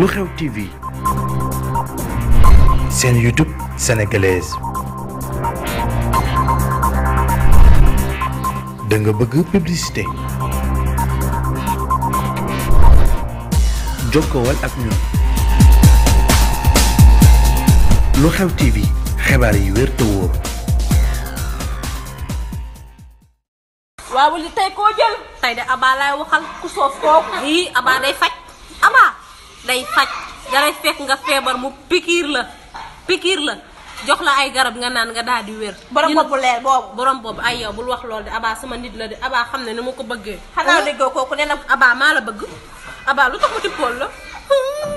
lu xew TV seen YouTube sénégalaise da bëgg publicité jokkowal ak ñun lu xew TV xibaar yi wér te wóor. waaw li jël tey de Aba waxal ku soof kooku. yii Aba day faj. day faj dalay fekk nga feebar mu pikiir la pikiir la jox la ay garab nga naan nga daal di wér. borom boobu leer boobu. borom boobu ay yow bul wax lool de Aba sama nit la de Aba xam ne ni ma ko bëggee. xanaa déggoo kooku nee na Aba maa la bëgg Aba lu tax mu tippool la.